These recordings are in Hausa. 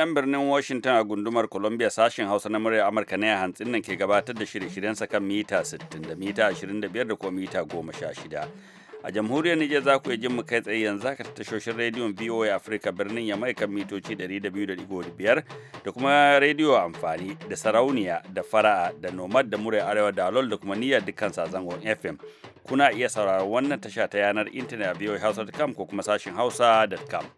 nan birnin Washington a gundumar Columbia sashen Hausa na murya Amurka ne a hantsin nan ke gabatar da shirye-shiryensa kan mita 60 da mita 25 da kuma mita 16. A jamhuriyar Nijar za ku iya jin mu kai tsaye yanzu haka ta tashoshin rediyon VOA Africa birnin Yamai kan mitoci 200.5 da kuma rediyo amfani da sarauniya da fara'a da nomad da murya arewa da alol da kuma niyyar dukkan sazangon FM. Kuna iya sauraron wannan tasha ta yanar intanet a voahausa.com ko kuma sashin hausa.com.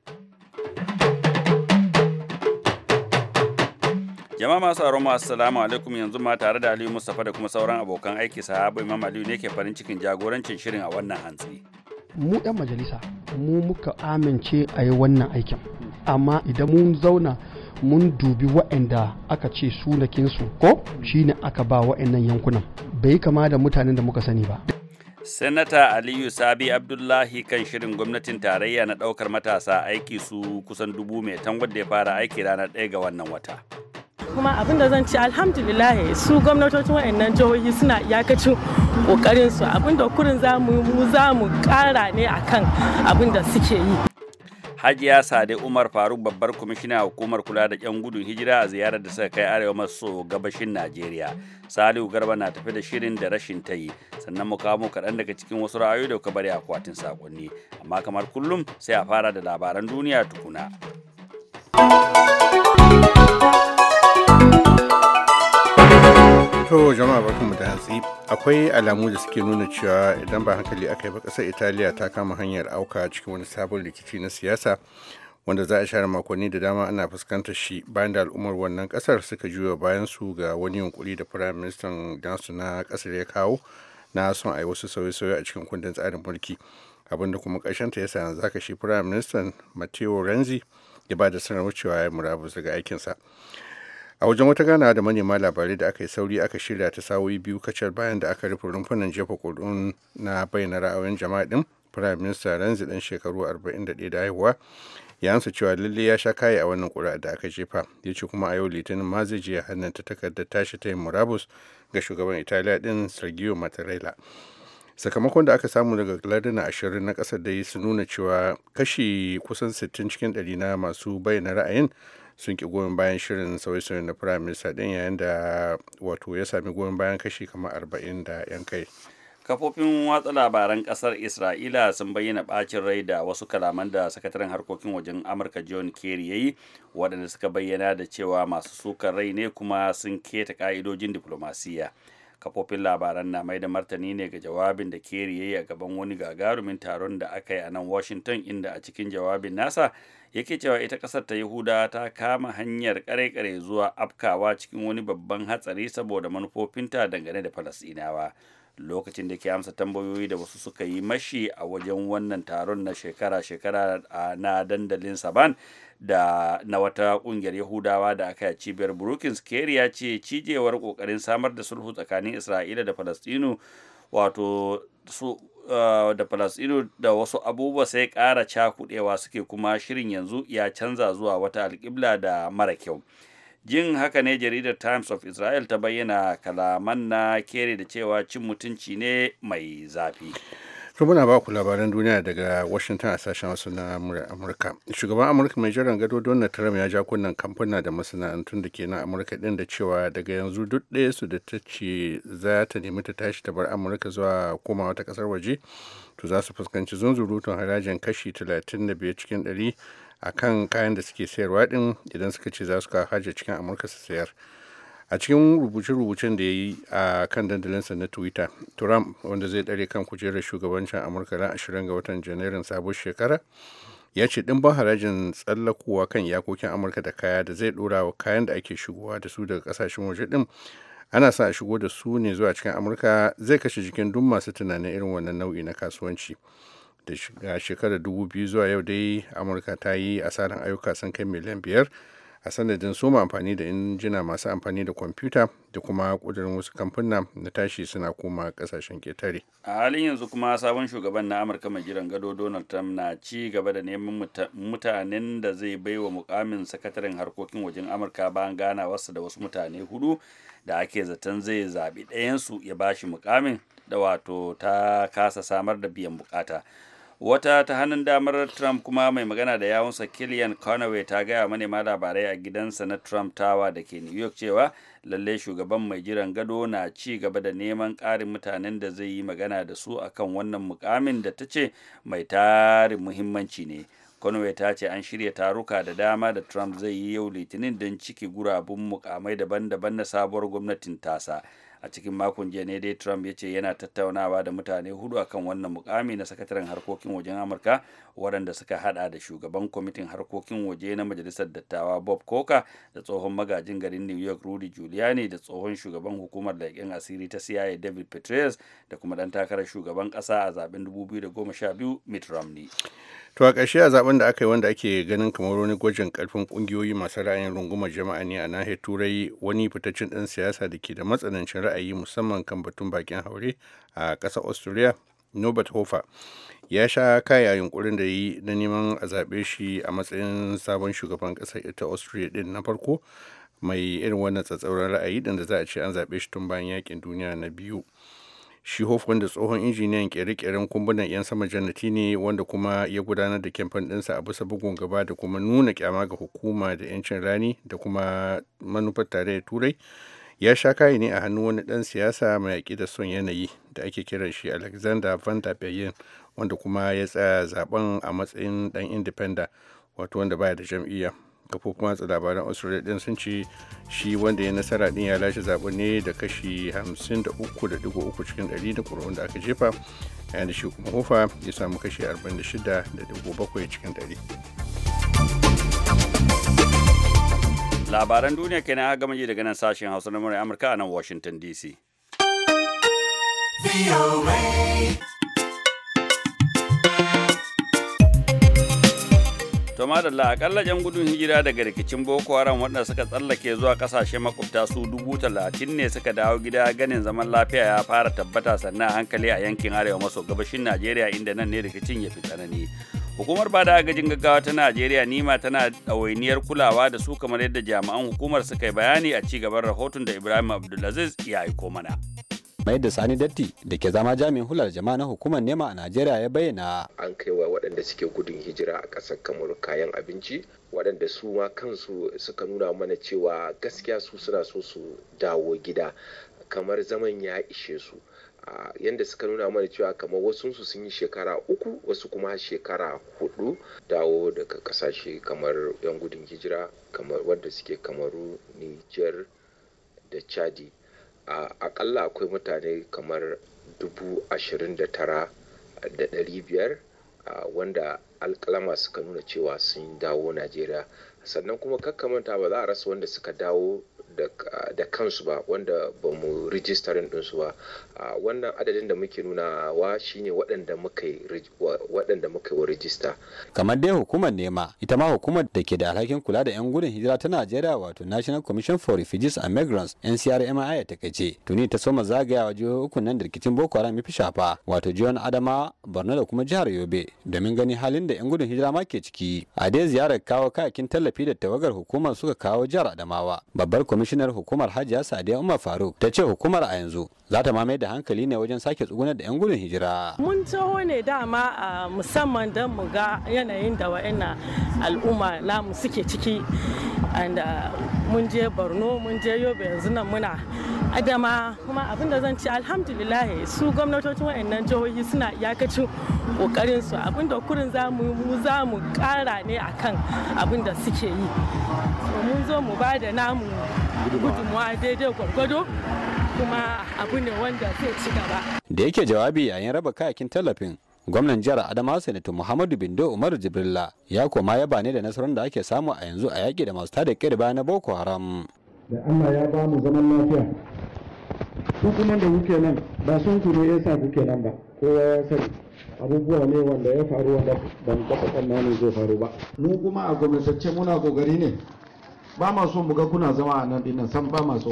Jama'a masu aron masu salamu alaikum yanzu ma tare da Aliyu Mustapha da kuma sauran abokan aiki sahabu Imam Aliyu ne ke farin cikin jagorancin shirin a wannan hantsi. Mu ɗan majalisa mu muka amince a yi wannan aikin amma idan mun zauna mun dubi waɗanda aka ce sunakinsu ko shine aka ba waɗannan yankunan bai kama da mutanen da muka sani ba. senata Aliyu Sabi Abdullahi kan shirin gwamnatin tarayya na ɗaukar matasa aiki su kusan dubu mai tan wadda ya fara aiki ranar ɗaya ga wannan wata. kuma abin da zan ce alhamdulillah su gwamnatocin wayannan jihohi suna iyakacin kokarin su abin da kurin za mu za mu kara ne akan abin da suke yi Hajiya Sade Umar Faruk babbar kwamishina hukumar kula da 'yan gudun hijira a ziyarar da suka kai arewa maso gabashin Najeriya. Salihu Garba na tafi da shirin da rashin ta yi, sannan mu kawo kaɗan daga cikin wasu ra'ayoyi da bari akwatin sakonni. Amma kamar kullum sai a fara da labaran duniya tukuna. To jama'a barkanmu da hatsi. Akwai alamu da suke nuna cewa idan ba hankali aka yi ba kasar Italiya ta kama hanyar auka cikin wani sabon rikici na siyasa wanda za a share makonni da dama ana fuskantar shi bayan da al'ummar wannan kasar suka juya bayan su ga wani yunkuri da Firayim Ministan Gansu na kasar ya kawo na son a yi wasu sauye-sauye a cikin kundin tsarin mulki. abin da kuma ta ya sa yanzu haka shi Firayim Ministan Matteo Renzi ya ba da sanarwar cewa ya murabus daga aikinsa. a wajen wata gana da manema labarai da aka yi sauri aka shirya ta sawoyi biyu kacal bayan da aka rufe rumfunan jefa kudin na bayyana ra'ayoyin jama'a din prime minister ranzi dan shekaru 41 da haihuwa ya amsa cewa lalle ya sha kaya a wannan kura da aka jefa ya ce kuma a yau litinin ma zai je ta takardar tashi ta yin murabus ga shugaban italiya din sergio mattarella sakamakon da aka samu daga larduna ashirin na kasar da su nuna cewa kashi kusan 60 cikin ɗari na masu bayyana ra'ayin sun ki goyon bayan shirin sauye-sauyen na prime minister din yayin da wato ya sami goyon bayan kashi kamar arba'in da yan kai kafofin watsa labaran kasar isra'ila sun bayyana bacin rai da wasu kalaman da sakataren harkokin wajen amurka john kerry ya yi waɗanda suka bayyana da cewa masu sukar rai ne kuma sun keta ƙa'idojin diflomasiyya kafofin labaran na mai da martani ne ga jawabin da keri yayi a gaban wani gagarumin taron da aka yi a nan washington inda a cikin jawabin nasa yake cewa ita kasar ta yahuda ta kama hanyar kare-kare zuwa afkawa cikin wani babban hatsari saboda manufofinta dangane da falasɗinawa lokacin da ke amsa tambayoyi da wasu suka yi mashi a wajen wannan taron na shekara-shekara na dandalin saban da na wata kungiyar yahudawa da aka yi cibiyar brookings kerry ya ce cijewar kokarin samar da sulhu tsakanin isra'ila da falastinu wato su eh, da falastinu da wasu abubuwa sai ƙara cakuɗewa suke kuma shirin yanzu ya canza zuwa wata alƙibla da mara kyau jin haka ne jaridar times of israel ta bayyana kalaman na kere da cewa cin mutunci ne mai zafi To muna ba ku labaran duniya daga Washington a sashen wasu na Amurka. Shugaban Amurka mai jiran gado Donald Trump ya ja kunnen kamfuna da masana'antun da ke na Amurka din da cewa daga yanzu duk ɗaya su da ta ce za ta nemi ta tashi ta bar Amurka zuwa koma wata ƙasar waje to za su fuskanci zunzurutun harajin kashi 35 cikin 100 a kan kayan da suke sayarwa din idan suka ce za su kawo hajji cikin Amurka su sayar. a cikin rubuce-rubucen da ya yi a kan dandalinsa na twitter trump wanda zai ɗare kan kujerar shugabancin amurka ran 20 ga watan janairun sabon shekara ya ce ɗin ban harajin tsallakowa kan yakokin amurka da kaya da zai ɗora wa kayan da ake shigowa da su daga kasashen waje ɗin ana sa a shigo da su ne zuwa cikin amurka zai kashe jikin duk masu tunanin irin wannan nau'i na kasuwanci da shekarar dubu biyu zuwa yau dai amurka ta yi asarar ayyuka sun kai miliyan biyar a sanadin soma amfani da injina masu amfani da kwamfuta da kuma kudurin wasu kamfuna na tashi suna koma kasashen ketare a halin yanzu kuma sabon shugaban na amurka mai jiran gado donald trump na ci gaba da neman mutanen da zai bai wa mukamin sakataren harkokin wajen amurka bayan wasu da wasu mutane hudu da ake zaton zai zaɓi ɗayansu ya bashi mukamin da wato ta kasa samar da biyan bukata wata ta hannun damar trump kuma mai magana da yawunsa killian conway ta gaya manema labarai a gidansa na trump Tawa da ke new york cewa lalle shugaban mai jiran gado na ci gaba da neman ƙarin mutanen da zai yi magana da su akan wannan mukamin da ta ce mai tarin muhimmanci ne conway ta ce an shirya taruka da dama da trump zai yi yau litinin don ciki gurabun mukamai daban-daban na sabuwar gwamnatin tasa a cikin makon jiya ne dai trump ya ce yana tattaunawa da mutane hudu akan wannan mukami na sakataren harkokin wajen amurka waɗanda suka hada da shugaban kwamitin harkokin waje na majalisar dattawa bob coker da tsohon magajin garin new york rudy giuliani da tsohon shugaban hukumar leƙen asiri ta cia david petraeus da kuma ɗan takarar shugaban ƙasa a zaben 2012 mitt romney to a ƙarshe a zaben da aka yi wanda ake ganin kamar wani gwajin karfin ƙungiyoyi masu ra'ayin rungumar jama'a ne a nahiyar turai wani fitaccen ɗan siyasa da ke da matsanancin ra'ayi musamman kan batun bakin haure a ƙasar australia norbert hofer ya sha kaya yunkurin da ya yi na neman a zaɓe shi a matsayin sabon shugaban ƙasar ita austria ɗin na farko mai irin wannan tsatsauran ra'ayi ɗin da za a ce an zaɓe shi tun bayan yakin duniya na biyu shi Hoffman da tsohon injiniyan kere-keren kumbunan 'yan sama jannati ne wanda kuma ya gudanar da kyamfan ɗinsa a bisa bugun gaba da kuma nuna kyama ga hukuma da 'yancin rani da kuma manufar tarayyar turai ya sha kayi ne a hannu wani ɗan siyasa mai yaƙi da son yanayi da ake kiran shi alexander van der Beyen wanda kuma ya tsaya zaben a matsayin ɗan independent wato wanda baya da jam'iyya kafofin watsa labaran australia din sun ce shi wanda ya nasara din ya lashe zaben ne da kashi 53.3 cikin 100 da ƙuri'un da aka jefa yayin da shi kuma hofa ya samu kashi 46.7 cikin 100 labaran duniya kenan aka gama ji daga nan sashen hausa na murai amurka a nan washington dc To madalla akalla yan gudun hijira daga rikicin Boko Haram wanda suka tsallake zuwa kasashe makwabta su dubu talatin ne suka dawo gida ganin zaman lafiya ya fara tabbata sannan hankali a yankin arewa maso gabashin Najeriya inda nan ne rikicin ya fi tsanani. Hukumar ba da agajin gaggawa ta Najeriya nima tana ɗawainiyar kulawa da su kamar yadda jami'an hukumar suka yi bayani a ci gaban rahoton da Ibrahim Abdulaziz ya aiko mana. mai da sani datti da ke zama jami'in hular jama'a na hukumar nema a najeriya ya bayyana an kai wa waɗanda suke gudun hijira a ƙasar kamar kayan abinci waɗanda su ma kansu suka nuna mana cewa gaskiya su suna so su dawo gida kamar zaman ya ishe su yadda suka nuna mana cewa kamar wasu sun yi shekara uku wasu kuma shekara hudu dawo daga kasashe kamar yan gudun hijira kamar wadda suke kamaru nijar da chadi akalla akwai mutane kamar dubu ashirin da da tara ɗari 29,500 wanda alkalama suka nuna cewa sun dawo najeriya sannan kuma kakkamanta ba za a rasa wanda suka dawo da kansu ba wanda ba mu rijistarin ɗinsu ba wannan adadin da muke nuna wa shine waɗanda muka wa rijista kamar dai hukumar nema ita ma hukumar da ke da alhakin kula da 'yan gudun hijira ta najeriya wato national commission for refugees and migrants ncrmi a takaice tuni ta soma zagayawa jihohi uku nan da rikicin boko haram ya fi shafa wato jihar Adamawa, borno da kuma jihar yobe domin gani halin da 'yan gudun hijira ma ke ciki a dai ziyarar kawo kayakin tallafi da tawagar hukumar suka kawo jihar adamawa babbar kwamitin kwamishinar hukumar hajiya sadiya umar faruk ta ce hukumar a yanzu za ta mamaye da hankali ne wajen sake tsugunar da 'yan gudun hijira mun taho ne dama a musamman don mu ga yanayin da wa'ina al'umma namu suke ciki and mun je borno mun je yobe yanzu nan muna adama kuma abin da zan ci alhamdulillah su gwamnatocin waɗannan jihohi suna iyakacin kokarin su abin da kurin zamu mu za mu kara ne akan abin da suke yi mun zo mu ba da namu gudunmuwa daidai gwargwado kuma abu ne wanda zai ci gaba da yake jawabi yayin raba kayakin tallafin gwamnan jihar adamawa sanatu muhammadu bindo umaru jibrilla ya koma yaba ne da nasarar da ake samu a yanzu a yaƙi da masu tada kirba na boko haram da allah ya ba mu zaman lafiya ku da kuke nan ba sun ku ne yasa kuke nan ba kowa ya sani abubuwa ne wanda ya faru wanda ban taɓa tsammanin zai faru ba mu kuma a gwamnatacce muna kokari ne ba ma so mu ga kuna zama a nan dinnan san ba ma so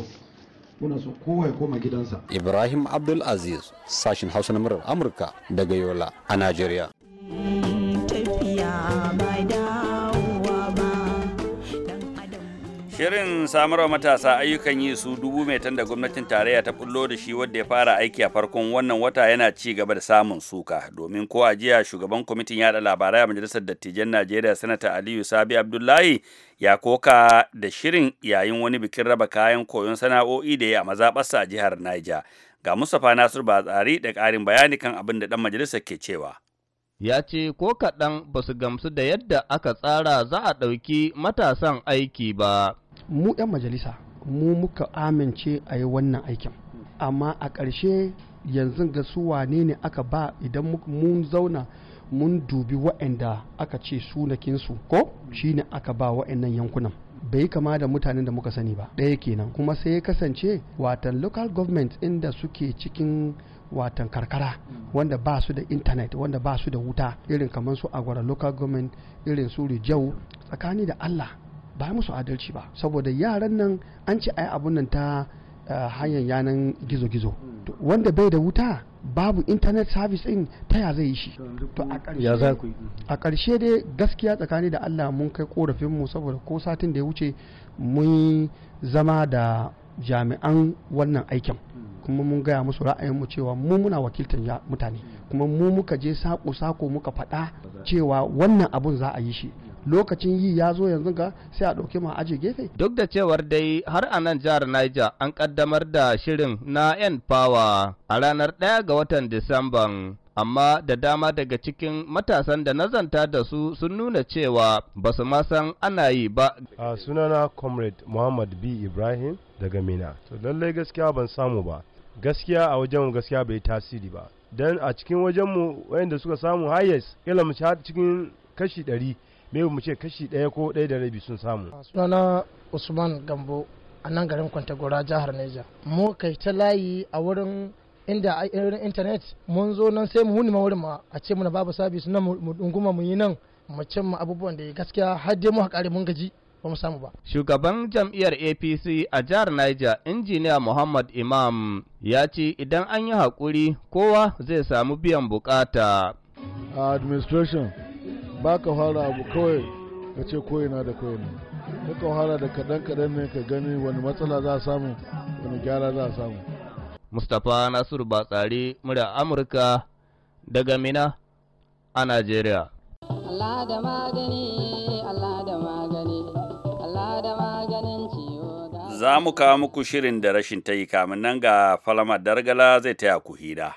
muna so kowa ya koma gidansa ibrahim Abdulaziz aziz sashin hausa na murar amurka daga yola a najeriya Shirin samarwa matasa ayyukan yi su dubu mai da gwamnatin tarayya ta bullo da shi wadda ya fara aiki a farkon wannan wata yana ci gaba da samun suka domin ko a shugaban kwamitin yada labarai a majalisar dattijan Najeriya sanata Aliyu Sabi Abdullahi ya koka da shirin yayin wani bikin raba kayan koyon sana'o'i da ya a mazaɓarsa a jihar Niger. Ga Mustapha Nasir tsari da ƙarin bayani kan abin da ɗan majalisar ke cewa. ya ce ko kaɗan ba su gamsu da yadda aka tsara za a ɗauki matasan aiki ba. mu 'yan majalisa mu muka amince a yi wannan aikin amma a ƙarshe yanzu ga su wane ne aka ba idan mun zauna mun dubi wa'anda aka ce sunakinsu ko shine aka ba wa'annan yankunan bai kama da mutanen da muka sani ba ɗaya kenan kuma sai ya kasance watan local government inda suke cikin watan karkara wanda ba su da intanet wanda ba su da wuta irin kamar su agwara local government irin su rijau tsakani da allah ba musu adalci ba saboda yaran nan an ce ai abun nan ta eh, hanyar yanan gizo-gizo hmm. wanda bai da wuta babu internet service din ta ya zai yi shi to a ƙarshe dai gaskiya tsakani da Allah mun kai korafin mu saboda ko satin da ya wuce mun zama da jami'an wannan aikin hmm. kuma mun gaya musu ra'ayinmu cewa mu muna wakiltar mutane hmm. kuma mu muka je sako-sako muka faɗa cewa wannan abun za a yi shi lokacin yi ya zo yanzu ga sai a ɗauki ma aje gefe. Duk da cewar dai har a nan jihar Niger an kaddamar da shirin na 'yan fawa a ranar ɗaya ga watan disamba amma da dama daga cikin matasan da nazanta da su sun nuna cewa ba su ma san ana yi ba. A sunana comrade Muhammad B. Ibrahim daga Mina. To lallai gaskiya ban samu ba. Gaskiya a wajen gaskiya bai tasiri ba. don a cikin wajenmu wayanda suka samu highest kila mu cikin kashi ɗari bai mu ce kashi ɗaya ko ɗaya da rabi sun samu. sunana usman gambo a nan garin kwantagora jihar neja mu kai ta layi a wurin inda irin intanet mun zo nan sai mu wuni wurin ma a ce muna babu sabis nan mu dunguma mu yi nan mu cimma abubuwan da gaskiya har dai mu haƙari mun gaji ba mu samu ba. Shugaban jam'iyyar APC a jihar Niger, injiniya Muhammad Imam ya ce idan an yi haƙuri kowa zai samu biyan bukata. Administration ba ka fara abu kawai ka ce koyina da koyina ka fara da kaɗan-kaɗan ne ka gani wani matsala za a samu wani gyara za a samu mustapha nasiru batsari murya amurka daga mina a najeriya za mu kawo muku shirin da rashin ta yi kamin nan ga falama dargala zai taya ku hira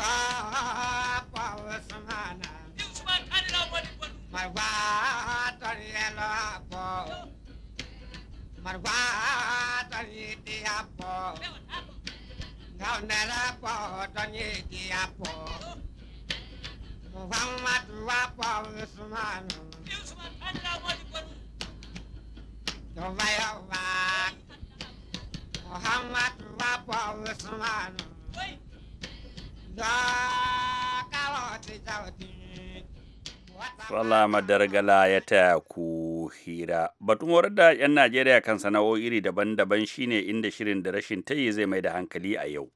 Muhammad Rabbah Wait. Salama Dargala ya taya ku hira. Batun horar da 'yan Najeriya kan sana'o'i iri daban-daban shine inda shirin da rashin tayi zai mai da hankali a yau.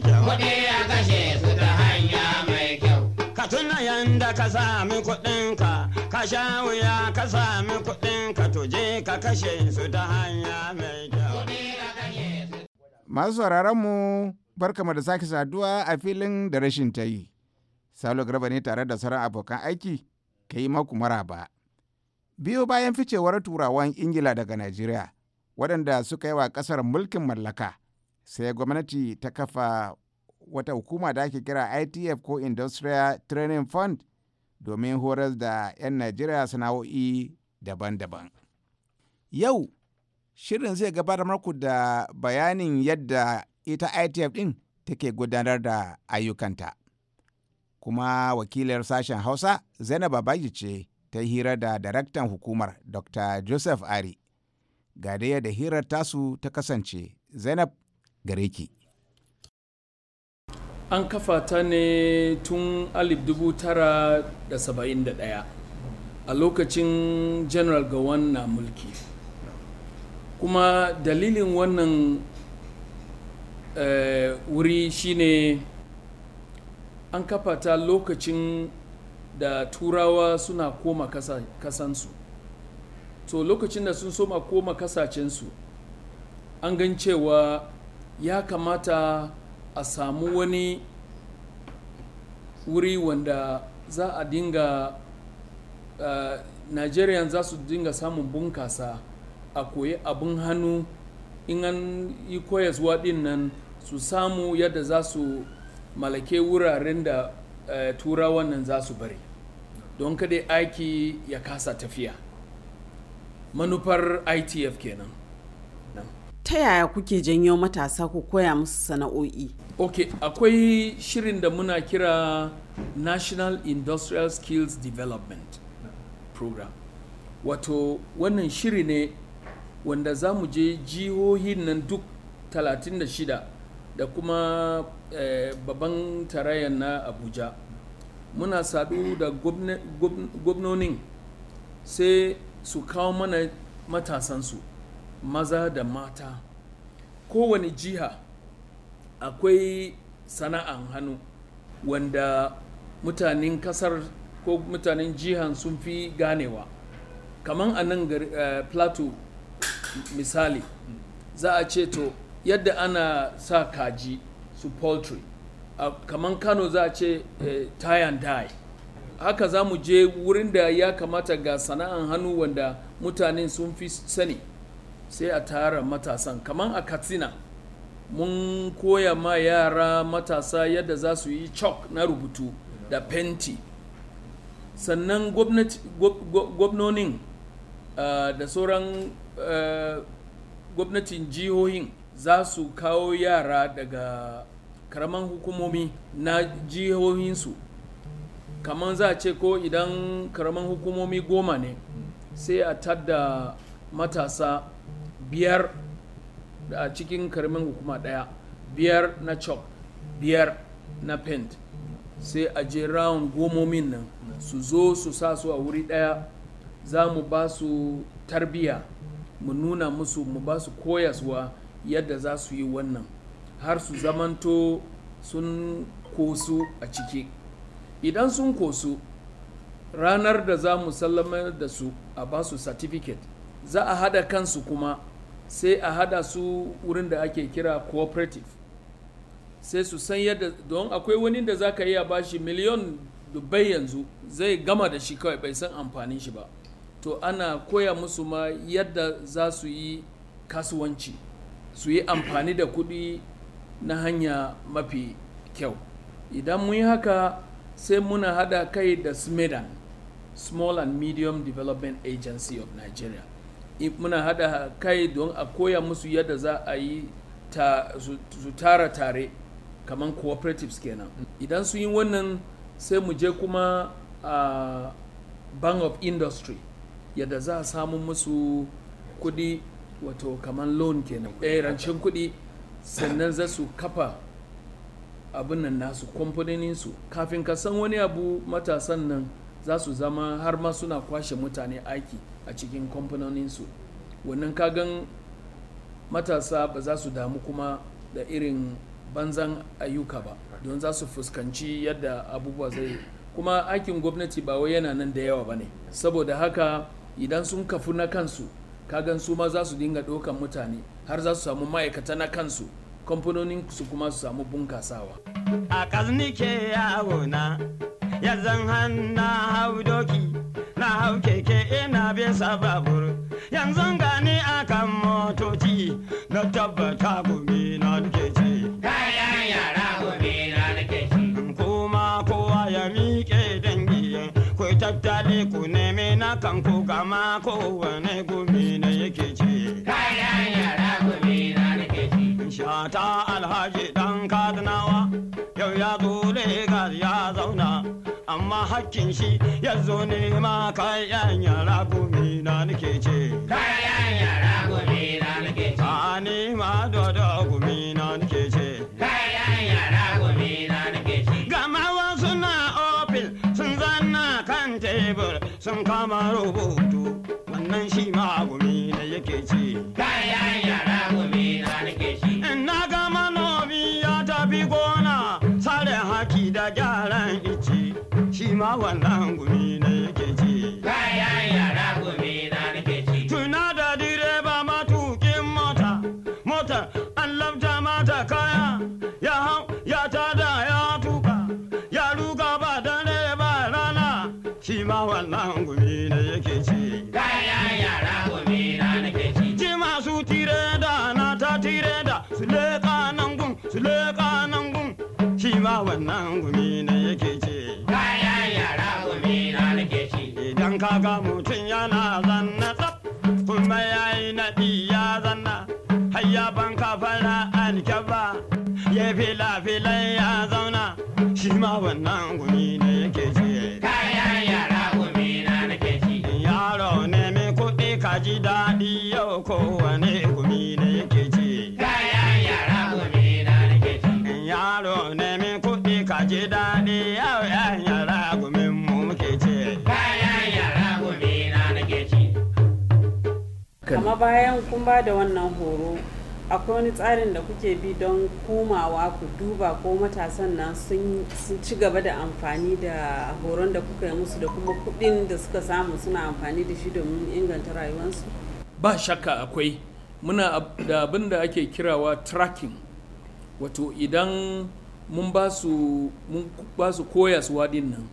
Kuɗi kashe su ta hanya mai kyau. Ka tuna yanda ka sami kuɗinka, ka sha wuya ka sami kuɗinka, to je ka kashe su ta hanya mai kyau. Masu mu barkama da sake saduwa a filin da rashin ta yi. Salo Garba ne tare da sauran abokan aiki ka yi maku maraba. Biyo bayan ficewar turawan Ingila daga Najeriya, waɗanda suka yi wa ƙasar mulkin mallaka, sai gwamnati ta kafa wata hukuma da ake kira ITF ko Industrial Training Fund domin horar da 'yan Najeriya sana'o'i daban-daban. Yau, shirin zai gabatar maku da bayanin yadda ita itf ɗin take gudanar da ayyukanta kuma wakilar sashen hausa zainab babaji ce ta hira da daraktan hukumar dr joseph ari ga da hirar tasu ta kasance zainab gareki an kafa ta ne tun dubu tara ɗaya a lokacin general ga na mulki kuma dalilin wannan Eh, wuri shine an kafa ta lokacin da turawa suna koma kasansu to lokacin da sun soma koma kasacensu an gan cewa ya kamata a samu wani wuri wanda za a dinga uh, eh, nigerian za su dinga samun bunkasa a koyi abin hannu in an yi koyaswa din nan su samu yadda za su malake wuraren da uh, turawan nan za su bari don kada aiki ya kasa tafiya manufar itf kenan ta yaya kuke janyo matasa ku koya musu sana'o'i ok akwai shirin da muna kira national industrial skills development program wato wannan shiri ne wanda za mu je jihohin nan duk 36 da kuma eh, babban tarayyar na abuja muna sadu da gwamnonin sai su kawo mana matasansu maza da mata kowane jiha akwai sana'an hannu wanda mutanen kasar ko mutanen jihan sun fi ganewa kamar a nan uh, plateau misali za a ce to yadda ana sa kaji su poultry kamar kano za a ce eh, tie and die haka za mu je wurin da ya kamata ga sana'an hannu wanda mutanen sun fi sani sai a tara matasan kamar a katsina mun koya ma yara matasa yadda za su yi chalk na rubutu da fenti sannan gwamnonin ah, da sauran Eh, gwamnatin jihohin za su kawo yara daga karaman hukumomi na jihohinsu kamar za a ce ko idan karaman hukumomi goma ne sai a tadda matasa biyar a cikin karamin hukuma daya biyar na chop biyar na paint sai a je round gomomin nan su zo su sa su a wuri daya za mu ba su tarbiya mu nuna musu mu ba su koyaswa yadda za su yi wannan har su zamanto sun kosu a ciki idan sun kosu ranar da za mu sallamar da su a ba su certificate za a hada kansu kuma sai a hada su wurin da ake kira cooperative sai su san yadda don akwai wani da za ka iya bashi miliyon dubai yanzu zai gama da shi kawai bai san amfanin shi ba to ana koya musu ma yadda za su yi kasuwanci su yi amfani da kuɗi na hanya mafi kyau idan mun yi haka sai muna hada kai da smedan small and medium development agency of nigeria muna hada kai don a koya musu yadda za a yi ta, su tara tare kamar cooperatives kenan idan su yi wannan sai mu je kuma a ah, bank of industry yadda za a samu musu kudi wato kamar loan kenan eh rancen kudi sannan za su kafa abin nan nasu su kafin ka san wani abu matasan nan za su zama har ma suna kwashe mutane aiki a cikin kamfanoninsu wannan gan matasa ba za su damu kuma da irin banzan ayyuka ba don za su fuskanci yadda abubuwa zai kuma aikin gwamnati ba wai yana nan da yawa ba ne saboda haka idan sun kafu na kansu kagan su ma za su dinga ɗaukan mutane har za su samu ma'aikata na kansu kamfanonin su kuma su samu bunkasawa a ke yawo na zan hanna hau doki na hau keke ina bisa babur yanzu gani akan motoci na tabbata gumi na duke Kanko, kan ko ko wane gumi na yake ce. Kayan yara gumi na nake ce. Shata alhaji dan kadanawa yau ya zo Legas ya zauna amma hakkin shi ya zo ne ma kayan yara gumi na nake ce. Kayan yara gumi na nake ce. Ani ma dodo gumi na nake ce. sun kama rubutu wannan shi ma gumi ne yake ci kayan yara gumi na nake shi in na ga manomi ya tafi gona sare haki da gyaran ici shi ma wannan gumi ne yake ci kayan yara gumi na nake ci tuna da direba matukin mota mota an labta mata ka nan gumi na yake ce kayan yara gumi na nake ci idan kaga mutum yana zanna tsaf kuma yayi naɗi ya zanna har ya banka fara ba. ya fila filan ya zauna shi ma wannan gumi na yake ce kayan yara gumi na nake ci yaro ne mai kuɗi ka ji daɗi yau kowane kuma bayan kun ba da wannan horo akwai wani tsarin da kuke bi don komawa ku duba ko matasan nan sun ci gaba da amfani da horon da kuka yi musu da kuma kudin da suka samu suna amfani da shi domin inganta rayuwarsu ba shakka akwai muna da abin da ake kirawa tracking wato idan mun ba su su din nan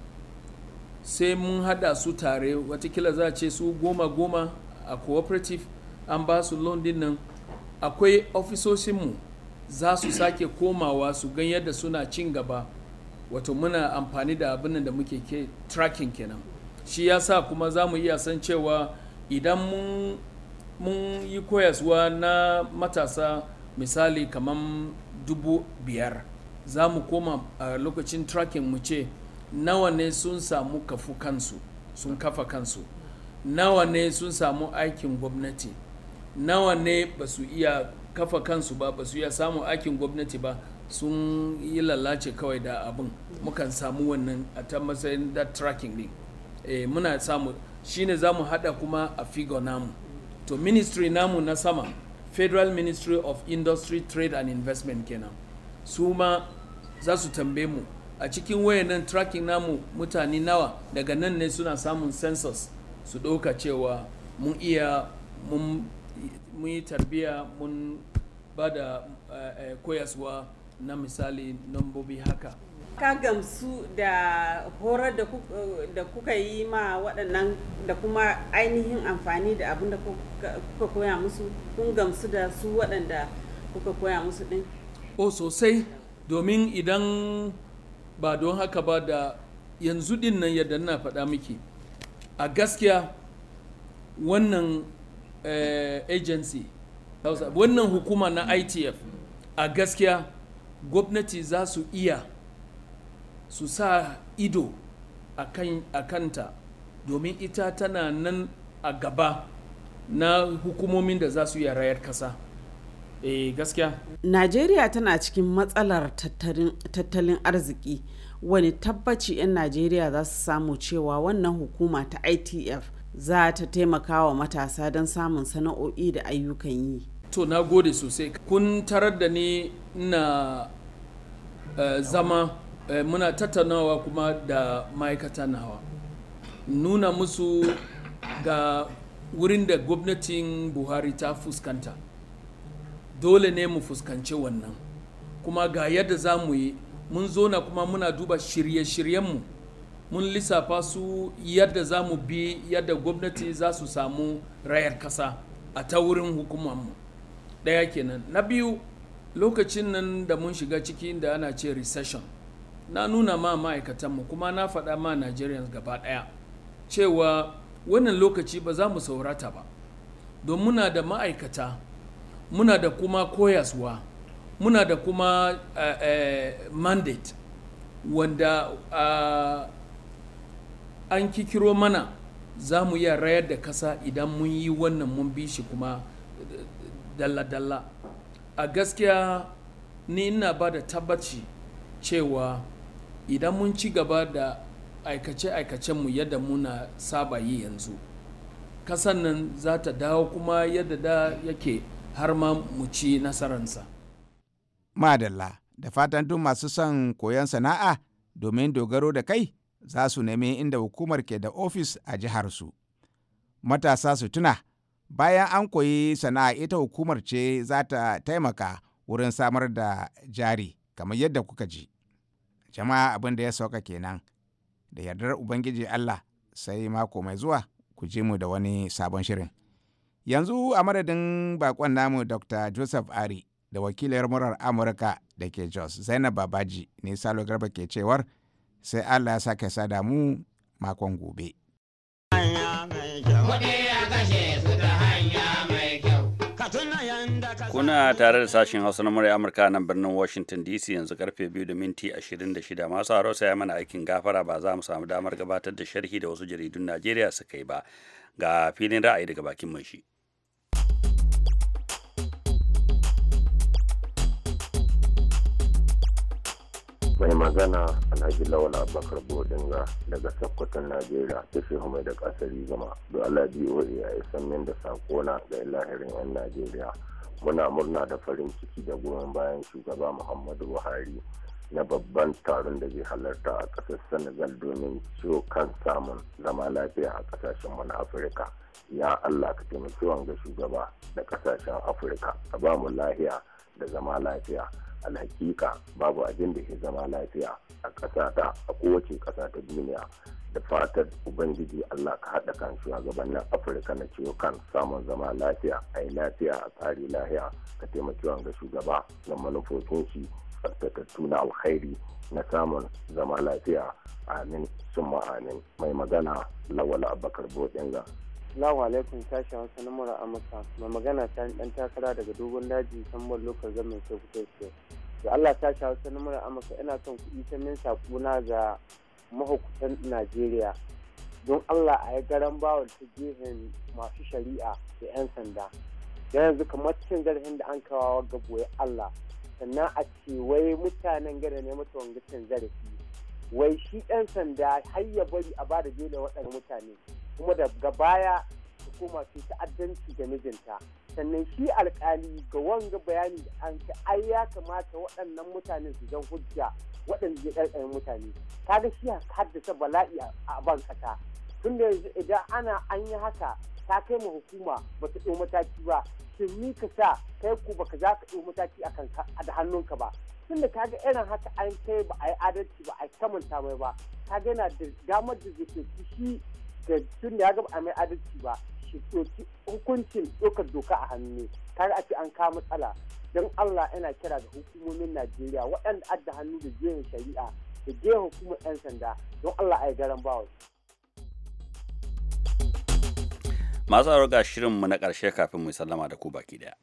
sai mun hada su tare watakila za a ce su goma goma a cooperative an ba su nan akwai ofisoshinmu za su sake komawa su gan yadda suna cin gaba wato muna amfani da abin da muke ke tracking kenan shi ya sa kuma za mu iya san cewa idan mun yi koyaswa na matasa misali kamar dubu biyar za mu koma a lokacin tracking mu ce nawa ne sun samu kafa kansu nawa ne sun samu aikin gwamnati nawa ne ba su iya kafa kansu ba ba su iya samun aikin gwamnati ba sun yi lalace kawai da abin mukan samu wannan a ta matsayin da tracking din e, muna samu shine za mu hada kuma a figo namu to ministry namu na sama federal ministry of industry trade and investment kenan su ma za su tambe mu a cikin wayannan tracking namu mutane nawa daga nan ne suna samun census su ɗauka cewa mun iya mun mun yi tarbiya mun ba da eh, eh, koyaswa na misali nambobi haka ka gamsu da horar da kuka yi ma waɗannan da kuma ainihin amfani da abin da kuka koya musu kun gamsu da su waɗanda kuka koya musu ɗin o sosai domin idan ba don haka ba da yanzu ɗin nan yadda na faɗa miki a gaskiya wannan Eh, agency wannan hukuma na itf a gaskiya gwamnati za su iya su sa ido a kanta domin ita tana nan a gaba na hukumomin da za su iya rayar kasa e gaskiya najeriya tana cikin matsalar tattalin arziki wani tabbaci 'yan najeriya za su samu cewa wannan hukuma ta itf za ta taimaka wa matasa don samun sana'o'i da ayyukan yi. To na gode sosai. Kun tarar da ni na eh, zama eh, muna tattaunawa kuma da ma'aikata nawa. Nuna musu ga wurin da gwamnatin Buhari ta fuskanta. Dole ne mu fuskanci wannan. Kuma ga yadda za mu yi, mun zo na kuma muna duba shirye-shiryenmu. mun lissafa su yadda za mu bi yadda gwamnati za su samu rayar kasa a ta wurin hukumanmu ɗaya kenan na biyu lokacin nan da mun shiga ciki da ana ce recession na nuna ma ma'aikatanmu kuma na faɗa ma nigerians gaba ɗaya cewa wannan lokaci ba za mu saurata ba don muna da ma'aikata muna da kuma koyaswa muna da kuma uh, uh, mandate wanda uh, an kikiro mana za mu iya rayar da kasa idan mun yi wannan mun bi shi kuma dalla-dalla eh, a gaskiya ni ina ba da tabbaci cewa idan mun ci gaba da aikace-aikacenmu yadda muna saba yi yanzu kasan nan za ta dawo kuma yadda da yake har ma mu ci nasararsa madalla da fatan duk masu son koyon sana'a domin dogaro da kai za su nemi inda hukumar ke da ofis a jiharsu. Matasa su tuna, bayan an koyi sana'a ita hukumar ce za ta taimaka wurin samar da jari kamar yadda kuka ji. Jama'a abin da ya sauka kenan, da yardar Ubangiji Allah sai mako mai zuwa ku je mu da wani sabon shirin. Yanzu a madadin bakon namu Dr. Joseph Ari da wakiliyar murar Amurka da ke Jos Zainab Babaji ne Salo Garba ke cewar sai allah ya sake sada mu makon gobe. Kuna tare da sashen Hausa na murya Amurka nan birnin Washington DC yanzu karfe 2 da minti 26 masu haro sai mana aikin gafara ba za mu samu damar gabatar da sharhi da wasu jaridun Najeriya suka yi ba ga filin ra'ayi daga bakin mai shi. mai magana alhaji lawal abakar bodinga daga sokoton najeriya ta fi mai da kasar zama da alhaji boa ya yi sannan da sakona ga lahirin yan najeriya muna murna da farin ciki da goyon bayan shugaba muhammadu buhari na babban taron da zai halarta a ƙasar senegal domin ciwo kan samun zama lafiya a ƙasashen na afirka ya allah ka taimaki wanga shugaba da ƙasashen afirka a bamu lahiya da zama lafiya alhakika babu abin da ke zama lafiya a ƙasa ta a kowace ƙasa ta duniya da fatar ubangiji allah ka haɗa kan shugabannin afirka na ciwo kan samun zama lafiya a yi lafiya a tsari lahiya ka taimaki ga shugaba na manufofin shi tsaftatattu na alkhairi na samun zama lafiya amin sun amin mai magana lawal abakar ga Lawa alaikum tashi hausa na mura Amurka mai magana ta dan takara daga dogon daji sambon lokal gamin Sokoto State. Da Allah tashi hausa na mura Amurka ina son kuɗi ta min sakuna ga mahukutan Najeriya. Don Allah a yi garan bawar ta gefen masu shari'a da 'yan sanda. Da yanzu kamar cin zarafin da an kawawa ga Allah. Sannan a ce wai mutanen gada ne mata wanga zarafi. wai shi ɗan sanda har ya bari a ba da jela waɗannan mutane kuma daga baya hukuma ce ta'addanci da mijinta sannan shi alkali ga wanga bayani da an ta ai ya kamata waɗannan mutanen su zan hujja waɗanda ya mutane mutane kaga shi haddasa bala'i a ban kasa tun da yanzu idan ana an yi haka ta kai ma hukuma ba ta mataki ba sun ni ka sa kai ku baka za ka ɗau mataki a da hannunka ba tunda da ga irin haka an kai ba a yi adalci ba a yi kamanta mai ba ga yana da damar da zai shi da tun da ya ga a mai adalci ba shi ɗauki hukuncin ɗaukar doka a hannu ka a ake an kawo matsala don Allah yana kira ga hukumomin Najeriya waɗanda adda hannu da jihar shari'a da jihar hukumar 'yan sanda don Allah a yi garan bawa. Masu ga mu na karshe kafin mu sallama da ku baki ɗaya.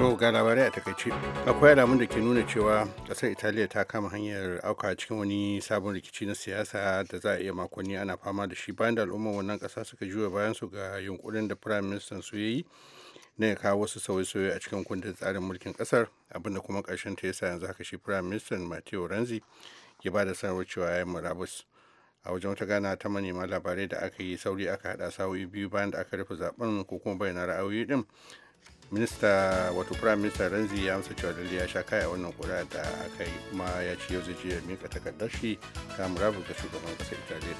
to ga labarai a takaice akwai alamun da ke nuna cewa kasar italiya ta kama hanyar auka cikin wani sabon rikici na siyasa da za a iya makonni ana fama da shi bayan da al'ummar wannan kasa suka juya bayan su ga yunkurin da prime minister su yi na ya kawo wasu sauye-sauye a cikin kundin tsarin mulkin kasar abinda kuma karshen ta yasa yanzu haka shi prime minister matteo renzi ya ba da sanarwar cewa ya yi murabus a wajen wata gana ta manema labarai da aka yi sauri aka hada sa'o'i biyu bayan da aka rufe zaben ko kuma bayyana ra'ayoyi din minista wato prime minister ranzi ya amsa cewa lalle ya sha kai a wannan kura da aka yi kuma ya ce yau zai je ya mika takardar shi ta murabur da shugaban kasar italiya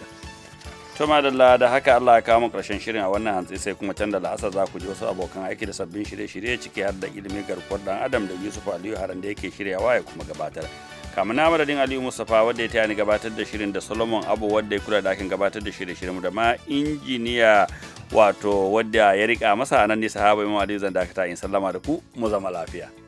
to madalla da haka Allah ya kawo karshen shirin a wannan hantsi sai kuma can da la'asar za ku ji wasu abokan aiki da sabbin shirye-shirye ciki har da ilimin garkuwar dan adam da yusuf aliyu haran da yake shiryawa ya kuma gabatar kamar na madadin aliyu mustapha wadda ya taya ni gabatar da shirin da solomon abu wadda ya kula da akin gabatar da shirye shirye da ma injiniya wato wadda ya rika masa nan ne sahaba imam aliyu zan dakata in sallama da ku mu zama lafiya